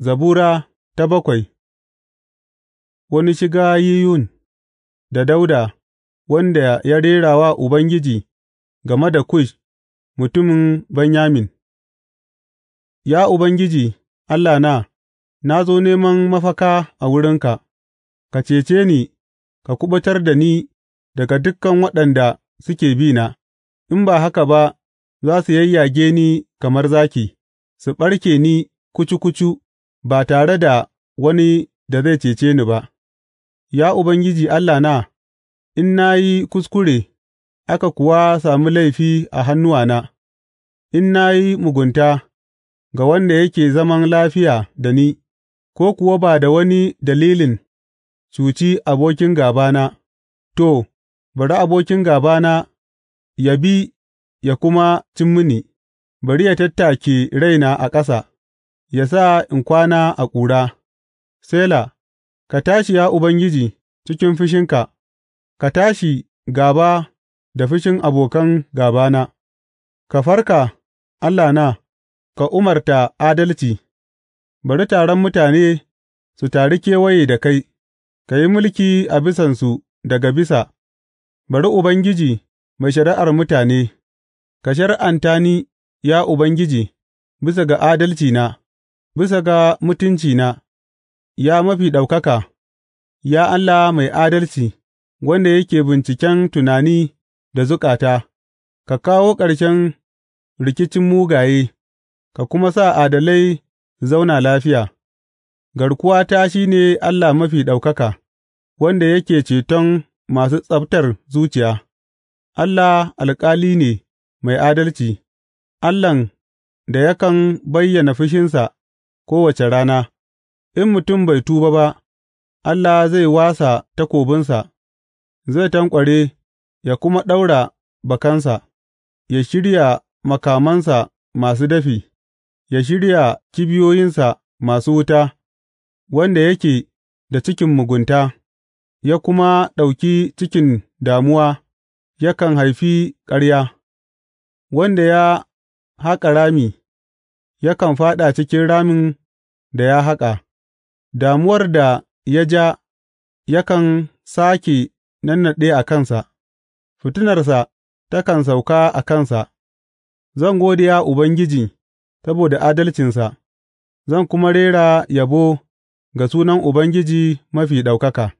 Zabura ta bakwai Wani shiga yiyun da Dauda wanda ya rera wa Ubangiji game da Kush mutumin Benyamin Ya Ubangiji, allah na na zo neman mafaka a wurinka; ka cece ni ka kubutar da ni daga dukkan waɗanda suke bi na, in ba haka ba za su yayyage ni kamar zaki, su ɓarke ni kucu kucu. ba tare da wani da zai cece ni ba; Ya Ubangiji Allahna, in na yi kuskure aka kuwa sami laifi a hannuwana, in na yi mugunta ga wanda yake zaman lafiya da ni, ko kuwa ba da wani dalilin cuci abokin gabana. to, bari abokin gabana ya bi ya kuma cin mini; bari ya tattake raina a ƙasa. ya sa in kwana a ƙura; Sela Ka tashi, ya Ubangiji, cikin fushinka, ka tashi gaba da fushin abokan gabana. ka farka, Allahna, ka umarta adalci, bari taron mutane su tari kewaye da kai, ka yi mulki a bisansu daga bisa, bari Ubangiji mai shari'ar mutane, ka shari'anta ni, ya Ubangiji, bisa ga adalcina. bisa ga mutuncina, ya mafi ɗaukaka, ya Allah mai adalci, wanda yake binciken tunani da zukata, ka kawo ƙarshen rikicin mugaye, ka kuma sa adalai zauna lafiya, garkuwata shi ne Allah mafi ɗaukaka, wanda yake ceton masu tsabtar zuciya, Allah alƙali ne mai adalci, Allahn da yakan bayyana fushinsa. kowace rana, in mutum bai tuba ba, Allah zai wasa takobinsa, zai tankware ya kuma ɗaura bakansa, ya shirya makamansa masu dafi, ya shirya kibiyoyinsa masu wuta, wanda yake da cikin mugunta, ya kuma ɗauki cikin damuwa, yakan haifi ƙarya, wanda ya haƙa rami. yakan fāɗa cikin ramin da ya haƙa; damuwar da ya ja yakan sāke nannaɗe a kansa, fitinarsa takan sauka a kansa, Zan gode Ubangiji saboda adalcinsa, zan kuma rera yabo ga sunan Ubangiji Mafi Ɗaukaka.